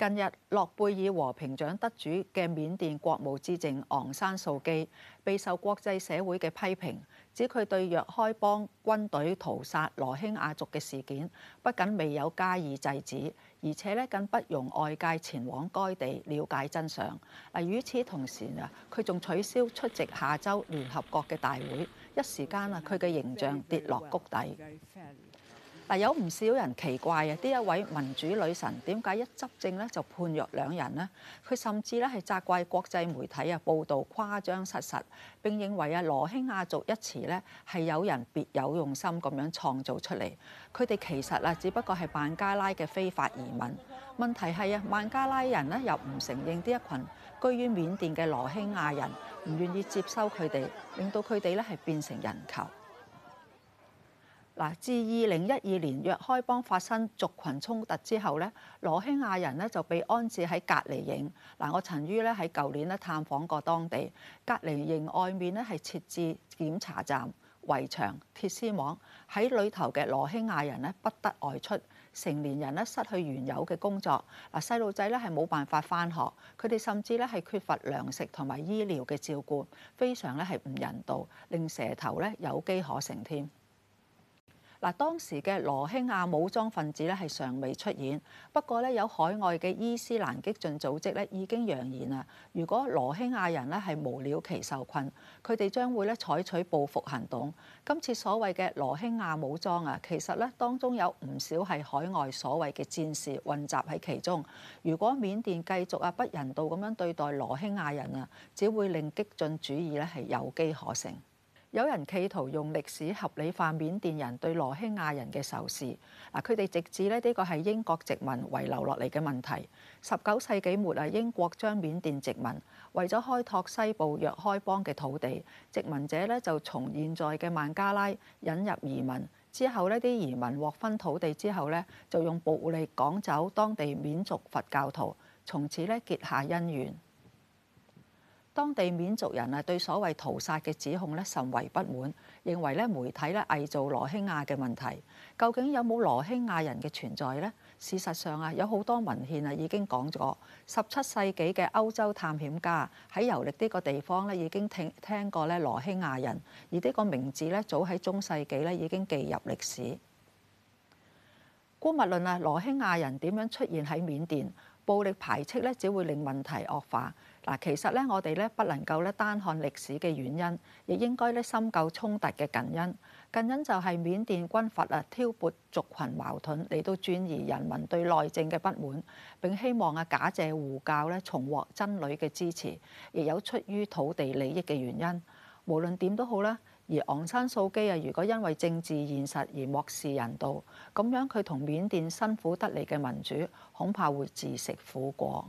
近日諾貝爾和平獎得主嘅緬甸國務資政昂山素姬，備受國際社會嘅批評，指佢對若開邦軍隊屠殺羅興亞族嘅事件，不僅未有加以制止，而且咧更不容外界前往該地了解真相。啊，與此同時啊，佢仲取消出席下週聯合國嘅大會，一時間啊，佢嘅形象跌落谷底。嗱，但有唔少人奇怪啊！呢一位民主女神點解一執政咧就判若兩人呢？佢甚至咧係責怪國際媒體啊報道誇張失實，並認為啊羅興亞族一詞咧係有人別有用心咁樣創造出嚟。佢哋其實啊，只不過係孟加拉嘅非法移民。問題係啊，孟加拉人呢又唔承認呢一群居於緬甸嘅羅興亞人，唔願意接收佢哋，令到佢哋咧係變成人球。自二零一二年若開邦發生族群衝突之後咧，羅興亞人咧就被安置喺隔離營。嗱，我曾於咧喺舊年咧探訪過當地隔離營，外面咧係設置檢查站、圍牆、鐵絲網，喺裏頭嘅羅興亞人咧不得外出，成年人咧失去原有嘅工作，嗱細路仔咧係冇辦法返學，佢哋甚至咧係缺乏糧食同埋醫療嘅照顧，非常咧係唔人道，令蛇頭咧有機可乘添。嗱，當時嘅羅興亞武裝分子咧係尚未出現，不過咧有海外嘅伊斯蘭激進組織咧已經揚言啦，如果羅興亞人咧係無了期受困，佢哋將會咧採取報復行動。今次所謂嘅羅興亞武裝啊，其實咧當中有唔少係海外所謂嘅戰士混雜喺其中。如果緬甸繼續啊不人道咁樣對待羅興亞人啊，只會令激進主義咧係有機可乘。有人企圖用歷史合理化緬甸人對羅興亞人嘅仇視，嗱，佢哋直指咧呢個係英國殖民遺留落嚟嘅問題。十九世紀末啊，英國將緬甸殖民，為咗開拓西部若開邦嘅土地，殖民者呢就從現在嘅孟加拉引入移民，之後呢啲移民獲分土地之後呢就用暴力趕走當地緬族佛教徒，從此呢結下恩怨。當地緬族人啊，對所謂屠殺嘅指控咧，甚為不滿，認為咧媒體咧偽造羅興亞嘅問題。究竟有冇羅興亞人嘅存在呢？事實上啊，有好多文獻啊已經講咗，十七世紀嘅歐洲探險家喺遊歷呢個地方咧，已經聽聽，聽過咧羅興亞人，而呢個名字咧早喺中世紀咧已經記入歷史。姑勿論啊，羅興亞人點樣出現喺緬甸，暴力排斥咧，只會令問題惡化。嗱，其實咧，我哋咧不能夠咧單看歷史嘅原因，亦應該咧深究衝突嘅近因。近因就係緬甸軍閥啊挑撥族群矛盾嚟到轉移人民對內政嘅不滿，並希望啊假借護教咧重獲僧侶嘅支持，亦有出於土地利益嘅原因。無論點都好啦，而昂山素姬啊，如果因為政治現實而漠視人道，咁樣佢同緬甸辛苦得嚟嘅民主恐怕會自食苦果。